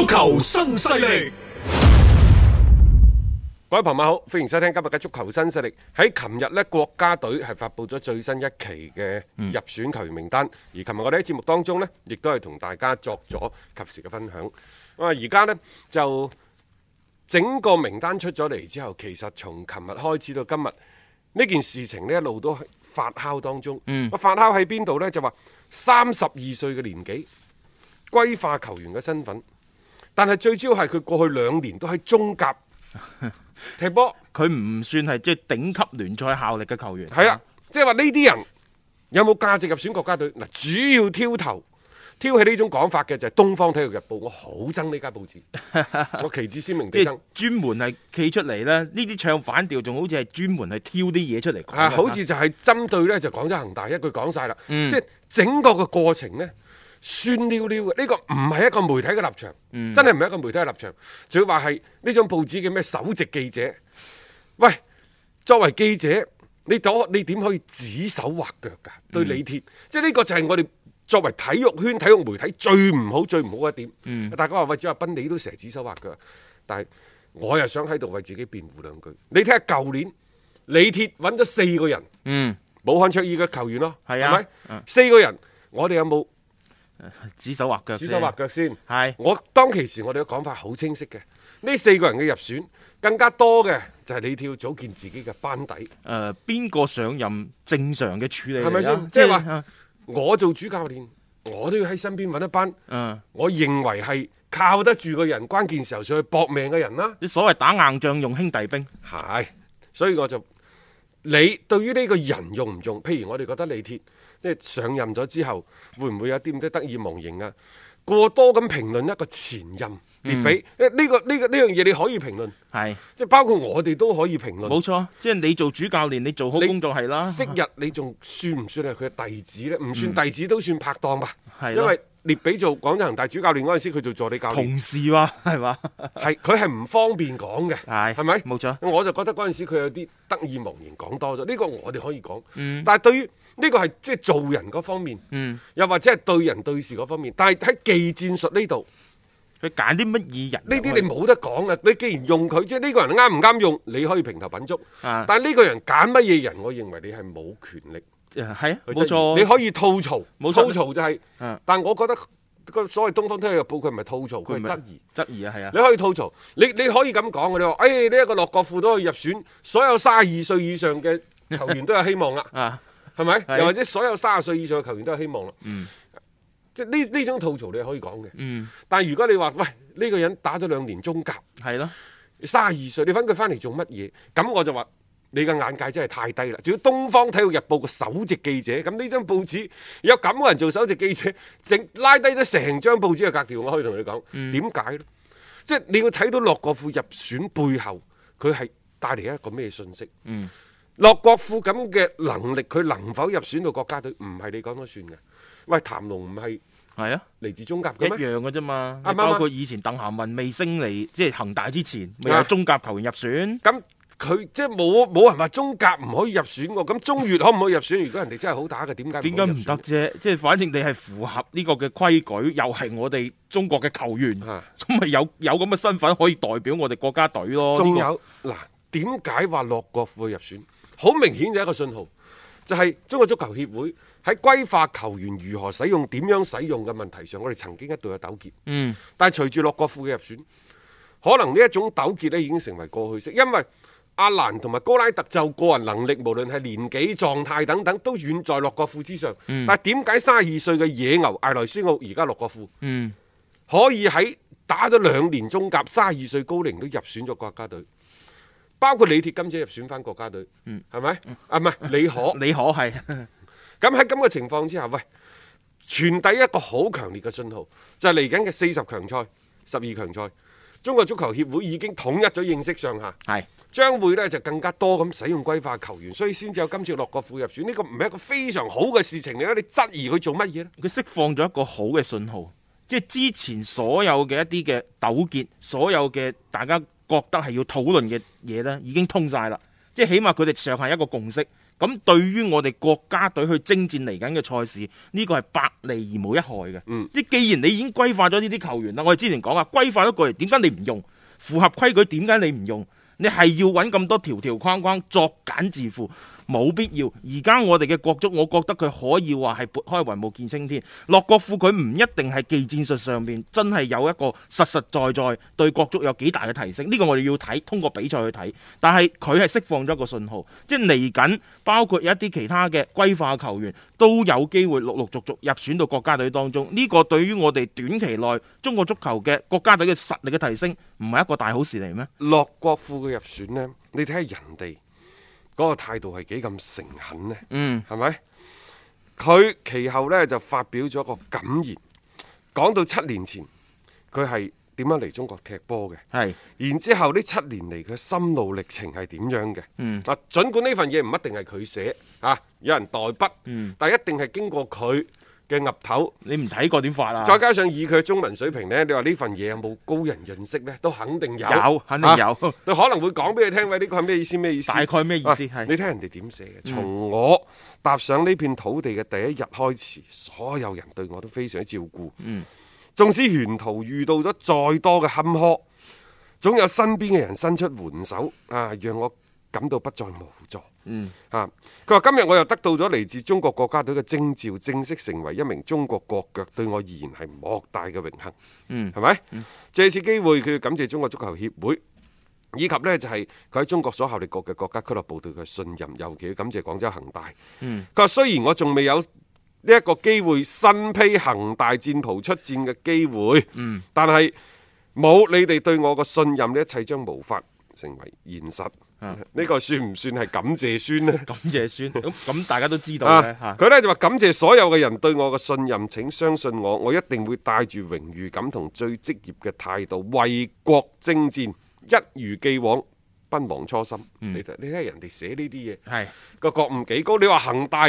足球新勢力，各位朋友好，歡迎收聽今日嘅足球新勢力。喺琴日呢，國家隊係發布咗最新一期嘅入選球員名單。而琴日我哋喺節目當中呢，亦都係同大家作咗及時嘅分享。啊，而家呢，就整個名單出咗嚟之後，其實從琴日開始到今日，呢件事情呢一路都發酵當中。嗯，發酵喺邊度呢？就話三十二歲嘅年紀，歸化球員嘅身份。但係最主要係佢過去兩年都喺中甲踢波，佢唔 算係即係頂級聯賽效力嘅球員。係啊，即係話呢啲人有冇價值入選國家隊？嗱，主要挑頭挑起呢種講法嘅就係《東方體育日報》我報，我好憎呢間報紙，我旗幟鮮明地憎，專門係企出嚟咧，呢啲唱反調，仲好似係專門係挑啲嘢出嚟講。係、啊，好似就係針對咧，就廣州恆大一句講晒啦，嗯、即係整個嘅過程咧。酸溜溜嘅，呢個唔係一個媒體嘅立場，嗯、真係唔係一個媒體嘅立場。仲、嗯、要話係呢張報紙嘅咩首席記者？喂，作為記者，你點你點可以指手畫腳噶？對李鐵，即係呢個就係我哋作為體育圈、體育媒體最唔好、最唔好一點。嗯、大家話為咗阿斌，你都成日指手畫腳。但係我又想喺度為自己辯護兩句。你睇下舊年李鐵揾咗四個人，嗯，武漢卓爾嘅球員咯，係啊，係咪？四個人，我哋有冇？指手畫腳，指手畫腳先係。係嘅。我當其時，我哋嘅講法好清晰嘅。呢四個人嘅入選，更加多嘅就係李鐵組建自己嘅班底，呃。誒，邊個上任正常嘅處理嚟啦？係咪先？即係話我做主教練，我都要喺身邊揾一班，呃。嗯，我認為係靠得住嘅人，關鍵時候上去搏命嘅人啦。你所謂打硬仗用兄弟兵，係。所以我就你對於呢個人用唔用？譬如我哋覺得李鐵。即係上任咗之後，會唔會有啲咁多得意忘形啊？過多咁評論一個前任列比，呢、嗯欸呢個呢、呢個呢樣嘢你可以評論，係是即係包括我哋都可以評論。冇錯，即係你做主教練，你做好工作係你啦。昔日你仲算唔算係佢嘅弟子咧？唔 算弟子都算拍檔吧，嗯、因為。列比做廣州恒大主教練嗰陣時，佢做助理教練。同事哇，係嘛？係，佢係唔方便講嘅，係係咪？冇錯，我就覺得嗰陣時佢有啲得意忘形，講多咗。呢個我哋可以講，但係對於呢個係即係做人嗰方面，又或者係對人對事嗰方面，但係喺技戰術呢度，佢揀啲乜嘢人？呢啲你冇得講嘅。你既然用佢，即係呢個人啱唔啱用，你可以評頭品足。但係呢個人揀乜嘢人，我認為你係冇權力。係啊，冇錯，你可以吐槽，冇吐槽就係，但係我覺得個所謂東方體育報佢唔係吐槽，佢係質疑，質疑啊，係啊，你可以吐槽，你你可以咁講嘅，你話誒呢一個洛國富都可以入選，所有卅二歲以上嘅球員都有希望啦，係咪？又或者所有卅歲以上嘅球員都有希望咯，即係呢呢種吐槽你可以講嘅，但係如果你話喂，呢個人打咗兩年中甲，係咯，卅二歲，你搵佢翻嚟做乜嘢？咁我就話。你嘅眼界真係太低啦！仲要《東方體育日報》嘅首席記者，咁呢張報紙有咁嘅人做首席記者，整拉低咗成張報紙嘅格調。我可以同你講，點解咧？即係、就是、你要睇到洛國富入選背後，佢係帶嚟一個咩信息？洛、嗯、國富咁嘅能力，佢能否入選到國家隊，唔係你講都算嘅。喂，譚龍唔係係啊，嚟自中甲嘅、啊、一樣嘅啫嘛。啊，包括以前鄧涵文未升嚟，即係恒大之前，未有，有中甲球員入選咁。啊啊啊啊啊啊啊佢即係冇冇人話中甲唔可以入選喎。咁中乙可唔可以入選？如果人哋真係好打嘅，點解點解唔得啫？即係反正你係符合呢個嘅規矩，又係我哋中國嘅球員，咁咪、啊、有有咁嘅身份可以代表我哋國家隊咯。仲有嗱，點解話洛國富入選？好明顯就係一個信號，就係、是、中國足球協會喺歸化球員如何使用、點樣使用嘅問題上，我哋曾經一度有糾結。嗯，但係隨住洛國富嘅入選，可能呢一種糾結呢已經成為過去式，因為，阿蘭同埋高拉特就個人能力，無論係年紀、狀態等等，都遠在洛國富之上。嗯、但係點解三十二歲嘅野牛艾萊斯奧而家洛國富，嗯、可以喺打咗兩年中甲，三十二歲高齡都入選咗國家隊？包括李鐵今次入選翻國家隊，係咪？啊，唔係李可，李 可係。咁喺咁嘅情況之下，喂，傳遞一個好強烈嘅信號，就嚟緊嘅四十強賽、十二強賽。中國足球協會已經統一咗認識上下，係是將會咧就更加多咁使用歸化球員，所以先至有今次洛國富入選。呢、這個唔係一個非常好嘅事情嚟咯，你質疑佢做乜嘢咧？佢釋放咗一個好嘅信號，即係之前所有嘅一啲嘅糾結，所有嘅大家覺得係要討論嘅嘢咧，已經通晒啦。即係起碼佢哋上下一個共識。咁對於我哋國家隊去征戰嚟緊嘅賽事，呢、呢個係百利而無一害嘅。即、嗯、既然你已經歸化咗呢啲球員啦，我哋之前講啊，歸化咗過嚟，點解你唔用？符合規矩，點解你唔用？你係要揾咁多條條框框作繭自縛？冇必要，而家我哋嘅國足，我覺得佢可以話係撥開雲霧見青天。洛國富佢唔一定係技戰術上面真係有一個實實在在對國足有幾大嘅提升，呢個我哋要睇，通過比賽去睇。但係佢係釋放咗一個信號，即係嚟緊包括有一啲其他嘅歸化球員都有機會陸陸續續入選到國家隊當中。呢個對於我哋短期內中國足球嘅國家隊嘅實力嘅提升，唔係一個大好事嚟咩？洛國富嘅入選咧，你睇下人哋。嗰個態度係幾咁誠懇呢，嗯，係咪？佢其後呢就發表咗個感言，講到七年前佢係點樣嚟中國踢波嘅。係、嗯，然之後呢七年嚟佢心路歷程係點樣嘅？嗯，啊，儘管呢份嘢唔一定係佢寫，啊，有人代筆，嗯、但一定係經過佢嘅岌頭，你唔睇過點發啊？再加上以佢中文水平呢，你話呢份嘢，有冇高人認識呢？都肯定有，有肯定有。佢、啊、 可能會講俾你聽，喂，呢、這個係咩意思？咩意思？大概咩意思？啊、的你聽人哋點寫嘅？從我踏上呢片土地嘅第一日開始，嗯、所有人對我都非常照顧。嗯，縱使沿途遇到咗再多嘅坎坷，總有身邊嘅人伸出援手，啊，讓我感到不再無助。嗯，吓，佢話今日我又得到咗嚟自中國國家隊嘅徵召，正式成為一名中國國腳，對我而言係莫大嘅榮幸。嗯，係咪吧？嗯，借此機會，佢感謝中國足球協會，以及呢就係佢喺中國所效力嘅國家俱樂部對佢嘅信任，尤其感謝廣州恒大。嗯，佢話雖然我仲未有呢一個機會身披恒大戰袍出戰嘅機會，嗯，但係冇你哋對我嘅信任，呢一切將無法成為現實。呢、啊、個算唔算係感謝孫呢？感謝孫咁，咁，大家都知道佢呢就話感謝所有嘅人對我嘅信任，請相信我，我一定會帶住榮譽感同最職業嘅態度為國征戰，一如既往，不忘初心。嗯、你睇，你睇人哋寫呢啲嘢，係個覺悟幾高。你話恒大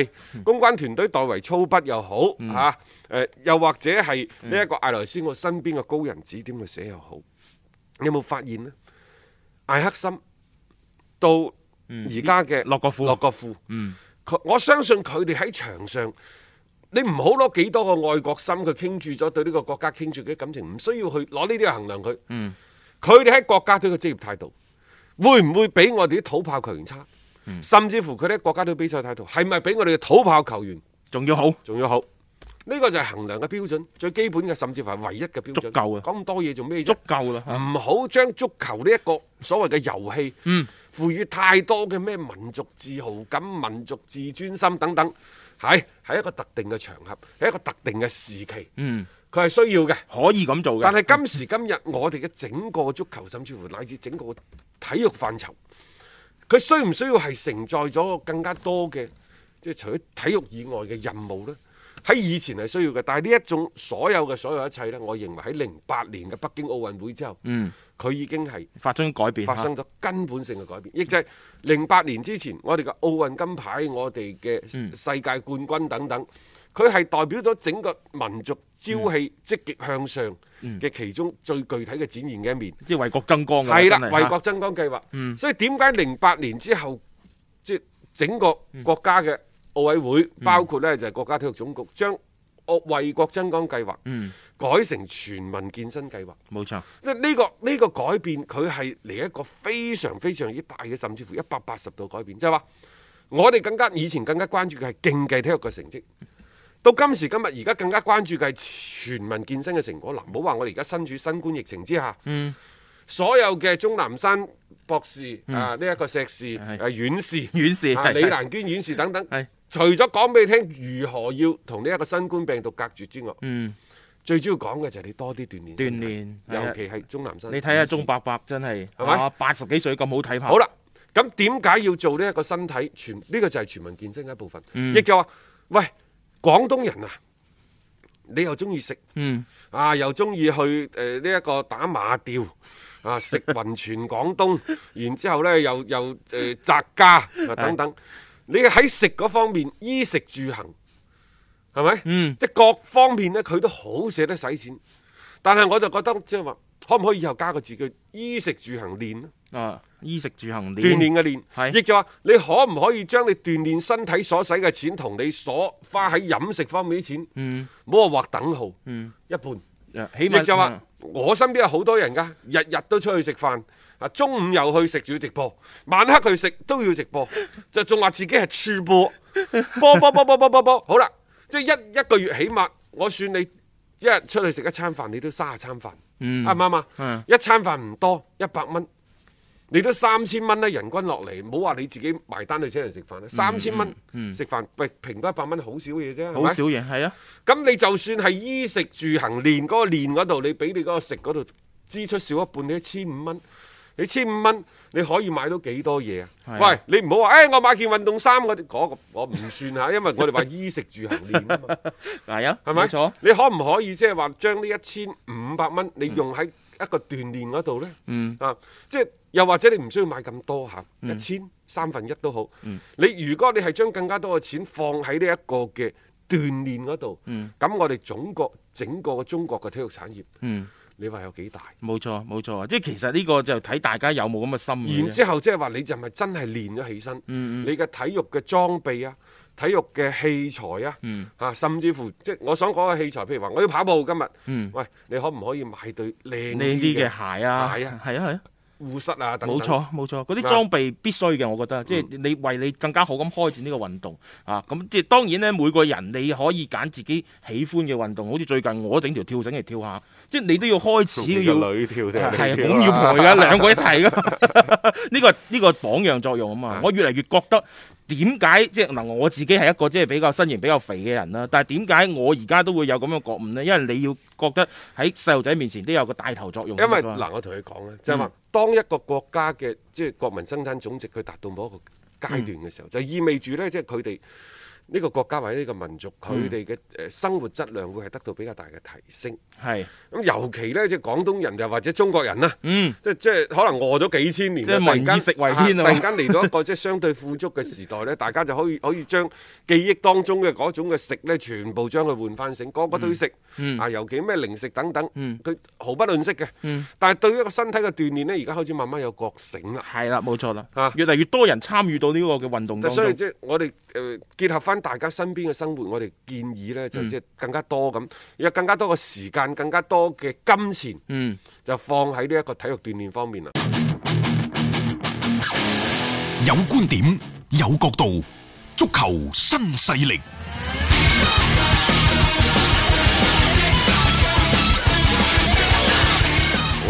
公關團隊代為操筆又好吓、嗯啊呃，又或者係呢一個艾萊斯我身邊嘅高人指點去寫又好，有冇發現呢？艾克森。到而家嘅洛國富，洛國富，嗯，我相信佢哋喺場上，你唔好攞幾多個愛國心佢，去傾注咗對呢個國家傾注嘅感情，唔需要去攞呢啲去衡量佢，嗯，佢哋喺國家隊嘅職業態度，會唔會比我哋啲土炮球員差？嗯，甚至乎佢哋喺國家隊比賽態度係咪比我哋嘅土炮球員仲要好？仲要好？呢個就係衡量嘅標準，最基本嘅，甚至乎係唯一嘅標準。足夠嘅，講咁多嘢做咩？足夠啦，唔好將足球呢一個所謂嘅遊戲，嗯、賦予太多嘅咩民族自豪感、民族自尊心等等，係係一個特定嘅場合，係一個特定嘅時期。嗯，佢係需要嘅，可以咁做嘅。但係今時今日，我哋嘅整個足球，甚至乎乃至整個體育範疇，佢需唔需要係承載咗更加多嘅，即係除咗體育以外嘅任務呢？喺以前係需要嘅，但係呢一種所有嘅所有一切呢，我認為喺零八年嘅北京奧運會之後，嗯，佢已經係發生改變，嗯、發生咗根本性嘅改變。亦即係零八年之前，我哋嘅奧運金牌、我哋嘅世界冠軍等等，佢係代表咗整個民族朝氣、積極、嗯、向上嘅其中最具體嘅展現嘅一面，即係、嗯嗯嗯、為國爭光嘅。係啦、嗯，為國爭光計劃。所以點解零八年之後，即、就是、整個國家嘅、嗯？嗯奧委會包括呢、嗯、就係國家體育總局將我為國爭光計劃嗯改成全民健身計劃沒錯、這個，冇錯。即係呢個呢個改變，佢係嚟一個非常非常之大嘅，甚至乎一百八十度改變。即係話我哋更加以前更加關注嘅係競技體育嘅成績，到今時今日而家更加關注嘅係全民健身嘅成果。嗱，唔好話我哋而家身處新冠疫情之下，嗯，所有嘅鍾南山博士、嗯、啊呢一、這個碩士誒、嗯啊、院士、院士、啊、李蘭娟院士等等。除咗講俾你聽如何要同呢一個新冠病毒隔絕之外，嗯，最主要講嘅就係你多啲鍛鍊，鍛鍊，尤其係鍾南山。你睇下鍾伯伯真係，係咪？八十幾歲咁好體魄。好啦，咁點解要做呢一個身體？全呢個就係全民健身嘅一部分。亦就話，喂，廣東人啊，你又中意食，嗯，啊，又中意去誒呢一個打馬吊，啊，食雲泉廣東，然之後咧又又誒宅家啊等等。你喺食嗰方面，衣食住行，係咪？嗯，即各方面呢，佢都好捨得使錢。但係我就覺得即係話，可唔可以以後加個字叫衣食住行練啊，衣食住行練，鍛鍊嘅練。係，亦就話你可唔可以將你鍛鍊身體所使嘅錢同你所花喺飲食方面啲錢，唔好話劃等號。嗯，一半。起碼就話我身邊有好多人㗎，日日都出去食飯。中午又去食，仲要直播；晚黑去食都要直播，就仲話自己係處播波波波波波波。好啦，即係一一個月起碼，我算你一日出去食一餐飯，你都三十餐飯。啱唔啱？嘛，一餐飯唔多一百蚊，你都三千蚊啦。人均落嚟，唔好話你自己埋單去請人食飯啦。三千蚊食飯，3，飯嗯嗯、平多一百蚊好少嘢啫，好少嘢係啊。咁你就算係衣食住行，連、那、嗰個連嗰度，你俾你嗰、那個食嗰度支出少一半，你一千五蚊。你千五蚊你可以買到幾多嘢啊？喂，你唔好話誒，我買件運動衫嗰嗰個我唔算吓，因為我哋話衣食住行練啊嘛，係啊，係咪？冇錯。你可唔可以即係話將呢一千五百蚊你用喺一個鍛煉嗰度咧？嗯啊，即係又或者你唔需要買咁多吓，一千三分一都好。嗯，你如果你係將更加多嘅錢放喺呢一個嘅鍛煉嗰度，嗯，咁我哋總共整個嘅中國嘅體育產業，嗯。你話有幾大？冇錯，冇錯，即係其實呢個就睇大家有冇咁嘅心。然之後即係話，你就咪真係練咗起身？嗯嗯。你嘅體育嘅裝備啊，體育嘅器材啊，嗯，嚇、啊，甚至乎即係我想講嘅器材，譬如話我要跑步今日，嗯，喂，你可唔可以買對靚啲嘅鞋啊？鞋啊，係啊，係啊。護膝啊！冇錯冇錯，嗰啲裝備必須嘅，麼我覺得，嗯、即係你為你更加好咁開展呢個運動啊！咁即係當然咧，每個人你可以揀自己喜歡嘅運動，好似最近我整條跳繩嚟跳下，即係你都要開始要女跳跳，咁要陪嘅，兩個一齊嘅，呢、 呢個呢、呢個榜樣作用啊嘛！ 我越嚟越覺得。點解即係嗱我自己係一個即係比較身形比較肥嘅人啦，但係點解我而家都會有咁嘅覺悟呢？因為你要覺得喺細路仔面前都有個帶頭作用。因為嗱，為我同你講咧，嗯、就係話當一個國家嘅即係國民生產總值佢達到某一個階段嘅時候，嗯、就意味住呢，即係佢哋。呢個國家或者呢個民族，佢哋嘅誒生活質量會係得到比較大嘅提升。係咁，尤其咧，即係廣東人又或者中國人啦，即即係可能餓咗幾千年，即係民以食為天啊！突然間嚟到一個即係相對富足嘅時代咧，大家就可以可以將記憶當中嘅嗰種嘅食咧，全部將佢換翻醒，個個都要食啊！尤其咩零食等等，佢毫不吝惜嘅。但係對於一個身體嘅鍛煉咧，而家開始慢慢有覺醒啦。係啦，冇錯啦，越嚟越多人參與到呢個嘅運動當中。所以即係我哋誒結合翻。跟大家身邊嘅生活，我哋建議咧就即係更加多咁，有更加多嘅時間，更加多嘅金錢，嗯，就放喺呢一個體育鍛煉方面啊。有觀點，有角度，足球新勢力。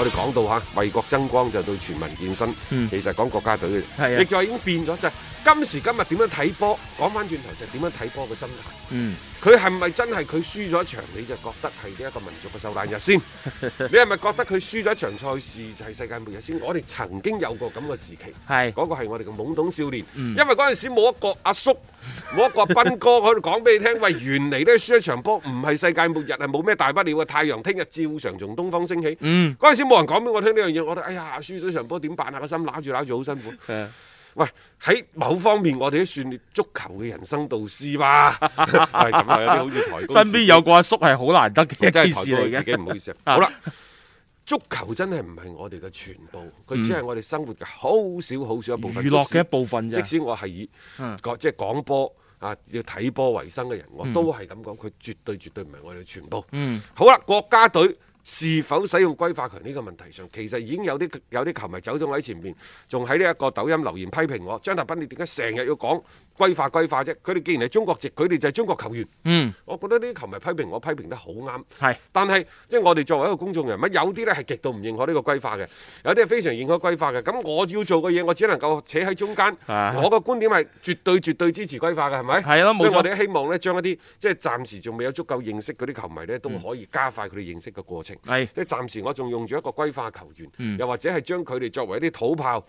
我哋講到嚇，為國爭光就對全民健身，嗯，其實講國家隊嘅，係啊，亦就已經變咗就。今時今日點樣睇波？講翻轉頭就點樣睇波嘅心態。嗯，佢係咪真係佢輸咗一場，你就覺得係呢一個民族嘅受難日先？ 你係咪覺得佢輸咗一場賽事就係世界末日先？我哋曾經有過咁嘅時期，係嗰 個係我哋嘅懵懂少年。嗯，因為嗰陣時冇一個阿叔，冇一個斌哥喺度講俾你聽。喂，原嚟咧輸一場波唔係世界末日，係冇咩大不了嘅，太陽聽日照常從東方升起。嗰陣、嗯、時冇人講俾我聽呢樣嘢，我哋哎呀，輸咗場波點辦啊？個心揦住揦住好辛苦。 喂，喺某方面我哋都算足球嘅人生導師吧？係咁，好似台身邊有個阿叔係好難得嘅一件事嚟嘅。自己唔好意思。 好啦，足球真係唔係我哋嘅全部，佢、嗯、只係我哋生活嘅好少好少一部分，娛樂嘅一部分。即使我係以嗯，即係講波啊，要睇波為生嘅人，我都係咁講，佢絕對絕對唔係我哋全部。嗯、好啦，國家隊。是否使用歸化權呢個問題上，其實已經有啲有啲球迷走咗喺前面，仲喺呢一個抖音留言批評我「張達斌，你點解成日要講？」歸化歸化啫，佢哋既然係中國籍，佢哋就係中國球員。嗯，我覺得呢啲球迷批評我批評得好啱。係是，但係即係我哋作為一個公眾人物，有啲咧係極度唔認可呢個歸化嘅，有啲係非常認可歸化嘅。咁我要做嘅嘢，我只能夠扯喺中間。的我個觀點係絕對絕對支持歸化嘅，係咪？係咯，冇錯。所以我哋希望咧，將一啲即係暫時仲未有足夠認識嗰啲球迷咧，都可以加快佢哋認識嘅過程。即係、嗯嗯、暫時我仲用咗一個歸化球員，又或者係將佢哋作為一啲土炮。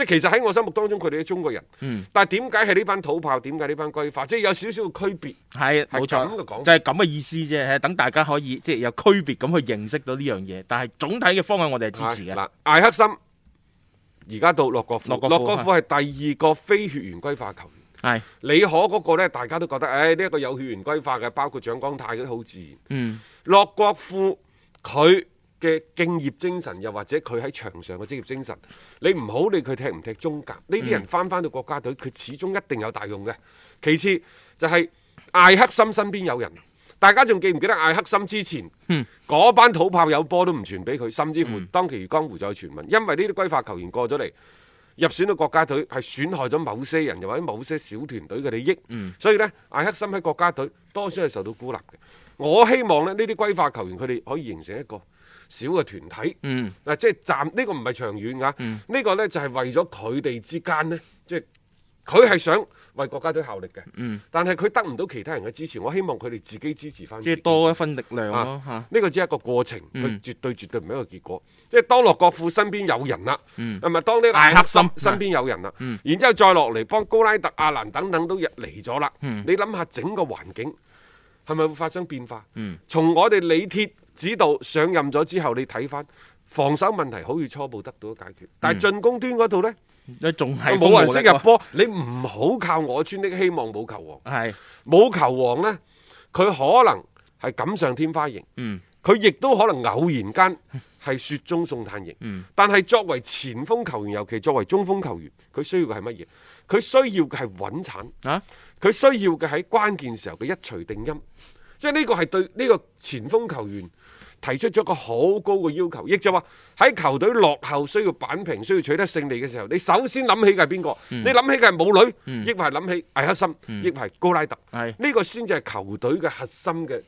即係其實喺我心目當中，佢哋係中國人。嗯。但係點解係呢班土炮？點解呢班歸化？即係有少少嘅區別。係，冇錯。就係咁嘅講法就係咁嘅意思啫。等大家可以即係有區別咁去認識到呢樣嘢。但係總體嘅方向，我哋係支持嘅。嗱，艾克森而家到洛國洛洛國富係第二個非血緣歸化球員。係李可嗰個咧，大家都覺得誒呢一個有血緣歸化嘅，包括蔣光太，都好自然。嗯，洛國富佢，嘅敬業精神，又或者佢喺場上嘅職業精神，你唔好理佢踢唔踢中甲呢啲人翻翻到國家隊，佢始終一定有大用嘅。其次就係艾克森身邊有人，大家仲記唔記得艾克森之前嗰、嗯、班土炮有波都唔傳俾佢，甚至乎當其如江湖再傳聞，因為呢啲歸化球員過咗嚟入選到國家隊，係損害咗某些人，又或者某些小團隊嘅利益。嗯、所以咧，艾克森喺國家隊多數係受到孤立嘅。我希望咧，呢啲歸化球員，佢哋可以形成一個小嘅團體，嗱，即係站呢個唔係長遠㗎，呢個呢，就係為咗佢哋之間呢，即係佢係想為國家隊效力嘅，但係佢得唔到其他人嘅支持，我希望佢哋自己支持翻，即係多一份力量。呢個只係一個過程，佢絕對絕對唔係一個結果。即係當洛國富身邊有人啦，係咪？當呢個艾克森身邊有人啦，然之後再落嚟幫高拉特、阿蘭等等都入嚟咗啦。你諗下整個環境係咪會發生變化？嗯，從我哋李鐵。指導上任咗之後，你睇翻防守問題，好似初步得到解決，但係進攻端嗰度呢，你仲係冇人識入波。你唔好靠我村的希望，武球王。係武球王呢，佢可能係錦上添花型。嗯，佢亦都可能偶然間係雪中送炭型。嗯，但係作為前鋒球員，尤其作為中鋒球員，佢需要嘅係乜嘢？佢需要嘅係穩產啊！佢需要嘅係關鍵時候嘅一錘定音。即係呢個係對呢個前鋒球員。提出咗個好高嘅要求，亦就話喺球隊落後需要扳平，需要取得勝利嘅時候，你首先諗起嘅係邊個？嗯、你諗起嘅係武磊，亦係諗起艾克森，亦係、嗯、高拉特。係呢是個先至係球隊嘅核心嘅。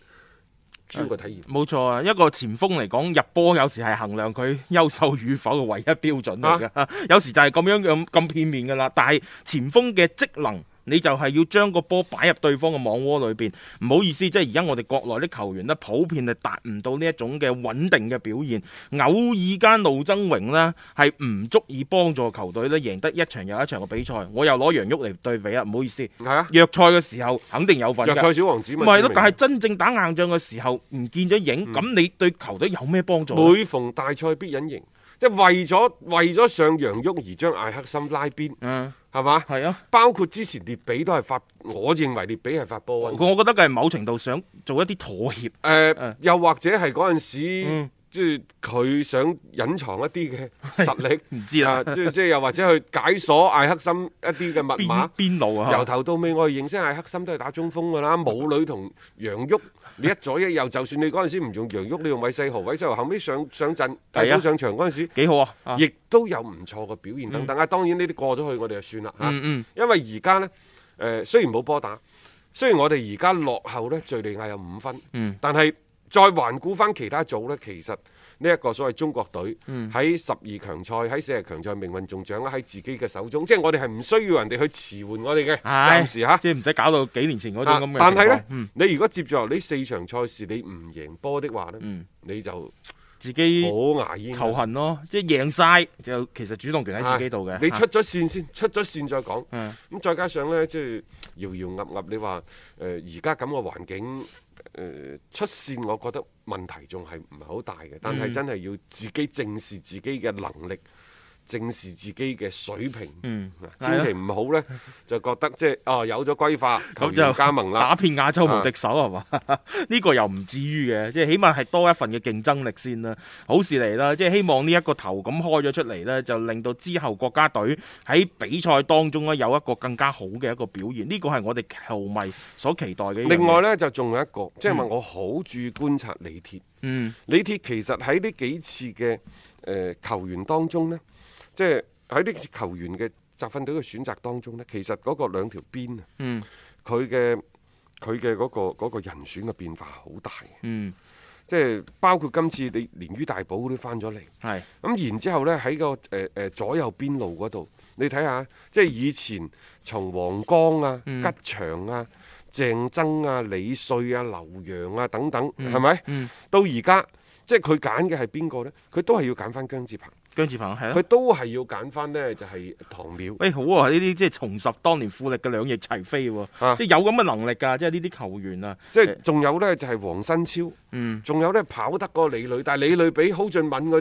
主要嘅體驗冇、哎、錯啊！一個前鋒嚟講，入波有時係衡量佢優秀與否嘅唯一標準嚟噶。啊、 有時就係咁樣咁咁片面噶啦。但係前鋒嘅職能。你就係要將個波擺入對方嘅網窩裏邊，唔好意思，即係而家我哋國內啲球員咧，普遍係達唔到呢一種嘅穩定嘅表現，偶爾間露崢嶸，呢係唔足以幫助球隊咧，贏得一場又一場嘅比賽。我又攞楊旭嚟對比啦，唔好意思。係啊，弱賽嘅時候肯定有份，弱賽小王子咪係咯，但係真正打硬仗嘅時候唔見咗影，咁、嗯、你對球隊有咩幫助？每逢大賽必隱形，即係為咗為咗上楊旭而將艾克森拉邊。嗯。係嘛？係啊！包括之前列比都係發，我認為列比係發波啊！我覺得佢係某程度想做一啲妥協。誒、呃，又或者係嗰陣時，嗯、即係佢想隱藏一啲嘅實力。唔知啦， 即係即係又或者去解鎖艾克森一啲嘅密碼邊。邊路啊！由頭到尾我認識艾克森都係打中鋒㗎啦，母女同楊旭。 你一左一右，就算你嗰陣時唔用楊旭，你用韋世豪，韋世豪後尾上上陣，第一波上場嗰陣時幾、啊、好啊，亦、啊、都有唔錯嘅表現等等、嗯、啊。當然呢啲過咗去，我哋就算啦嚇。啊、嗯嗯因為而家呢，誒、呃、雖然冇波打，雖然我哋而家落後呢，敘利亞有五分，嗯、但係再環顧翻其他組呢，其實。呢一個所謂中國隊喺十二強賽喺四十強賽命運仲掌握喺自己嘅手中，即係我哋係唔需要人哋去馳援我哋嘅、哎、暫時吓，啊、即係唔使搞到幾年前嗰啲咁嘅。但係咧，嗯、你如果接住落呢四場賽事你唔贏波的話咧，嗯、你就自己好牙煙頭痕咯，即係贏晒。就其實主動權喺自己度嘅。啊、你出咗線先，出咗線再講。咁、啊啊、再加上咧，即係搖搖噏噏，你話誒而家咁嘅環境。呃、出線，我覺得問題仲係唔係好大嘅，但係真係要自己正視自己嘅能力。正視自己嘅水平，嗯，千祈唔好呢，是啊、就覺得即係哦有咗歸化，咁就加盟啦， 打遍亞洲無敵手係、啊、嘛？呢 個又唔至於嘅，即係起碼係多一份嘅競爭力先啦。好事嚟啦，即係希望呢一個頭咁開咗出嚟呢，就令到之後國家隊喺比賽當中呢有一個更加好嘅一個表現。呢個係我哋球迷所期待嘅。另外呢，就仲有一個，即係、嗯、問我好注意觀察李鐵。嗯，李鐵其實喺呢幾次嘅誒、呃呃、球員當中呢。即係喺呢次球員嘅集訓隊嘅選擇當中呢，其實嗰個兩條邊啊，佢嘅佢嘅嗰個人選嘅變化好大，嗯，即係包括今次你連于大寶都翻咗嚟，係咁是、嗯、然之後呢，喺、個誒誒、呃、左右邊路嗰度，你睇下，即係以前從王剛啊、嗯、吉翔啊、鄭錚啊、李穗啊、劉洋啊等等，係咪？到而家即係佢揀嘅係邊個呢？佢都係要揀翻姜志鵬。姜志鵬係咯，佢都係要揀翻呢，就係、是、唐淼。喂、哎，好啊，呢啲即係重拾當年富力嘅兩翼齊飛、啊，啊、即係有咁嘅能力噶、啊，即係呢啲球員啊。即係仲有咧，就係、是、黃新超，嗯，仲有咧跑得過李磊，但係李磊比蒿俊閔嗰啲，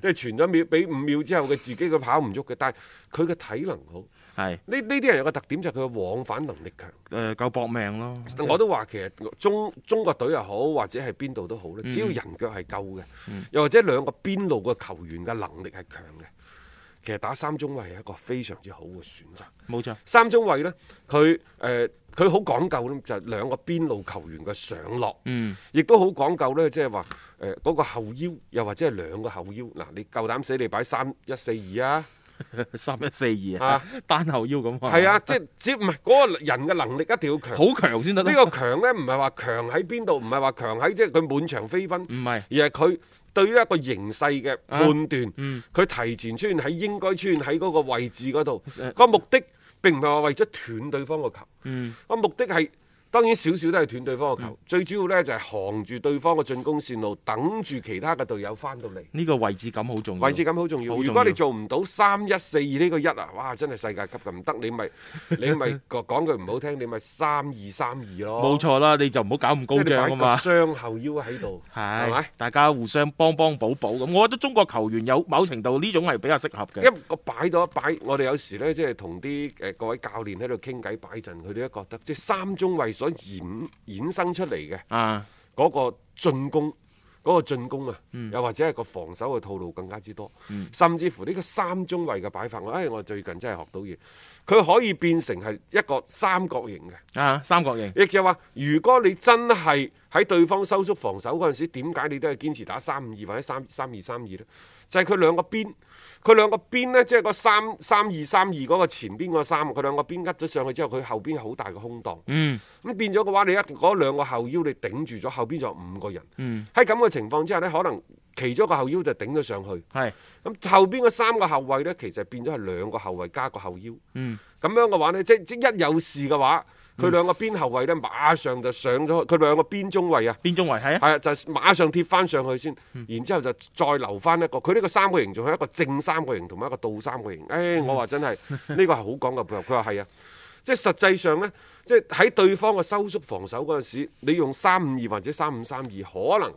即係傳咗秒，俾五秒之後佢自己，佢跑唔喐嘅，但係佢嘅體能好。係呢呢啲人有個特點就係佢嘅往返能力強，誒、呃、夠搏命咯。我都話其實中中國隊又好或者係邊度都好咧，嗯、只要人腳係夠嘅，嗯、又或者兩個邊路嘅球員嘅能力係強嘅，其實打三中衛係一個非常之好嘅選擇。冇錯，三中衛呢，佢誒佢好講究就就係、兩個邊路球員嘅上落，亦、嗯、都好講究呢即係話誒嗰個後腰，又或者係兩個後腰。嗱，你夠膽死你擺三一四二啊？三一四二啊， 單後腰咁啊，係啊，即係接唔係嗰個人嘅能力一定要強，好強先得。呢個強咧唔係話強喺邊度，唔係話強喺即係佢滿場飛奔，唔係是，而係佢對於一個形勢嘅判斷，佢、啊嗯、提前出現喺應該出現喺嗰個位置嗰度，嗯、個目的並唔係話為咗斷對方個球，嗯，個目的係。當然少少都係斷對方嘅球，嗯、最主要呢就係、是、行住對方嘅進攻線路，等住其他嘅隊友翻到嚟。呢個位置感好重要，位置感好重要。重要，如果你做唔到三一四二呢個一啊，哇，真係世界級嘅。唔得你咪你咪講， 句唔好聽，你咪三二三二咯。冇錯啦，你就唔好搞咁高張嘛。即係擺個雙後腰喺度，係咪 是？吧大家互相幫幫補補咁。 我覺得中國球員有某程度呢種係比較適合嘅。一個擺到一擺，我哋有時呢，即係同啲誒各位教練喺度傾偈擺陣，佢哋都覺得即係三中衛。所衍衍生出嚟嘅，嗰個進攻，嗰、啊、個進攻啊，嗯、又或者係個防守嘅套路更加之多，嗯、甚至乎呢個三中衛嘅擺法，我、哎、誒我最近真係學到嘢，佢可以變成係一個三角形嘅，啊三角形，亦就話如果你真係喺對方收縮防守嗰陣時，點解你都係堅持打三五二或者三三二三二呢？就係佢兩個邊。佢兩個邊呢，即係個三三二三二嗰個前邊個三，佢兩個邊扼咗上去之後，佢後邊好大個空檔。嗯，咁、嗯、變咗嘅話，你一嗰兩個後腰你頂住咗，後邊就五個人。嗯，喺咁嘅情況之下呢，可能其中一個後腰就頂咗上去。係是，咁、嗯、後邊嘅三個後衛呢，其實變咗係兩個後衛加個後腰。嗯，咁樣嘅話呢，即即一有事嘅話。佢兩個邊後衛呢，馬上就上咗佢兩個邊中位啊，邊中位係啊，係啊，就馬上貼翻上去先，然之後就再留翻一個。佢呢個三角形仲係一個正三角形同埋一個倒三角形。唉、哎，我話真係呢、嗯、個係好講究。配合。佢話係啊，即係實際上呢，即係喺對方嘅收縮防守嗰陣時，你用三五二或者三五三二，可能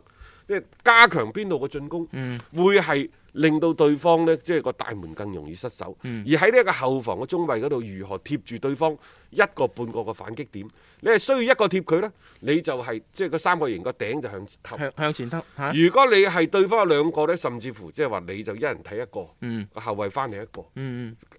即係加強邊度嘅進攻，會係。令到對方呢，即係個大門更容易失守。而喺呢一個後防嘅中衞嗰度，如何貼住對方一個半個嘅反擊點？你係需要一個貼佢呢，你就係即係嗰三角形個頂就向前。向前，如果你係對方兩個呢，甚至乎即係話你就一人睇一個，後衞翻嚟一個，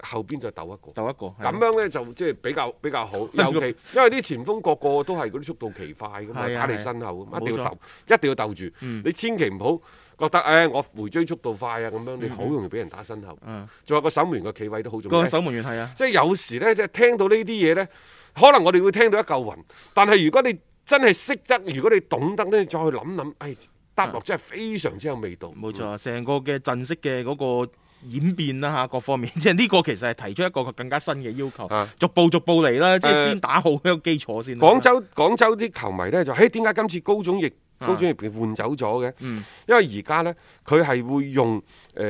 後邊就鬥一個。鬥一個咁樣呢就即係比較比較好，尤其因為啲前鋒個個都係嗰啲速度奇快咁啊，打你身後咁，一定要鬥，一定要鬥住。你千祈唔好。覺得誒、哎，我回追速度快啊，咁樣你好容易俾人打身後。嗯。仲有個守門員個企位都好重要。個守門員係、嗯、是啊即。即係有時咧，即係聽到呢啲嘢咧，可能我哋會聽到一嚿雲。但係如果你真係識得，如果你懂得咧，你再去諗諗，誒、哎，答落真係非常之有味道。冇錯、嗯，成個嘅陣式嘅嗰個演變啦、啊，吓各方面，即係呢個其實係提出一個更加新嘅要求。嗯、逐步逐步嚟啦，即係先打好一個基礎先。廣、嗯嗯、州廣州啲球迷咧就，誒、哎，點解今次高總亦？高準翼被換走咗嘅，啊嗯、因為而家咧，佢係會用誒、呃、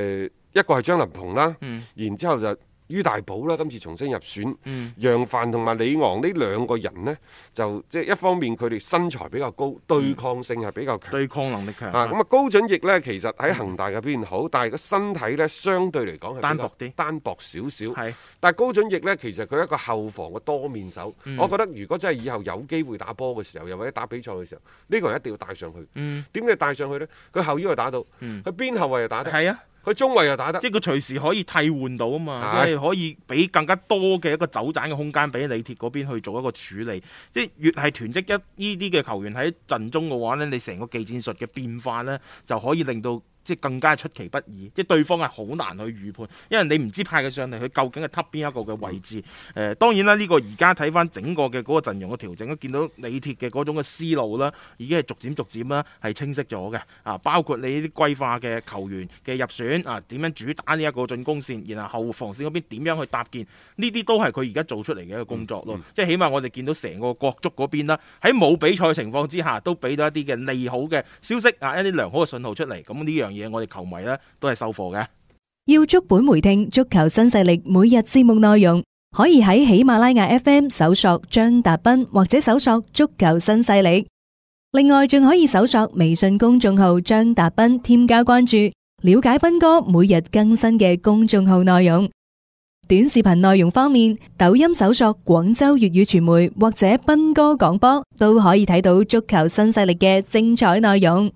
一個係張琳芃啦，嗯、然之後就。于大寶啦，今次重新入選。嗯、楊帆同埋李昂呢兩個人呢，就即係一方面佢哋身材比較高，對抗性係比較強，對抗能力強。啊、嗯，咁啊，高準翼呢，其實喺恒大嘅邊好，嗯、但係個身體呢，相對嚟講係單薄啲，單薄少少。但係高準翼呢，其實佢一個後防嘅多面手。嗯、我覺得如果真係以後有機會打波嘅時候，又或者打比賽嘅時候，呢、呢個人一定要帶上去。點解、嗯、帶上去呢？佢後腰又打到，佢邊後衞又打到。係啊。嗯佢中位又打得，即係佢隨時可以替換到啊嘛，的即係可以俾更加多嘅一個走盞嘅空間俾李鐵嗰邊去做一個處理，即係越係囤積一呢啲嘅球員喺陣中嘅話咧，你成個技戰術嘅變化咧就可以令到。即係更加出其不意，即係對方係好難去預判，因為你唔知派佢上嚟，佢究竟係揀邊一個嘅位置。誒，當然啦，呢、這個而家睇翻整個嘅嗰個陣容嘅調整，都見到李鐵嘅嗰種嘅思路啦，已經係逐漸逐漸啦，係清晰咗嘅。啊，包括你啲歸化嘅球員嘅入選啊，點樣主打呢一個進攻線，然後後防線嗰邊點樣去搭建，呢啲都係佢而家做出嚟嘅一個工作咯。嗯嗯、即係起碼我哋見到成個國足嗰邊啦，喺冇比賽情況之下，都俾到一啲嘅利好嘅消息啊，一啲良好嘅信號出嚟。咁呢樣、這個。嘢我哋球迷咧都係收貨嘅。要足本回聽足球新勢力每日節目內容，可以喺喜馬拉雅 FM 搜索張達斌或者搜索足球新勢力。另外，仲可以搜索微信公眾號張達斌，添加關注，了解斌哥每日更新嘅公眾號內容。短視頻內容方面，抖音搜索廣州粵語傳媒或者斌哥廣播，都可以睇到足球新勢力嘅精彩內容。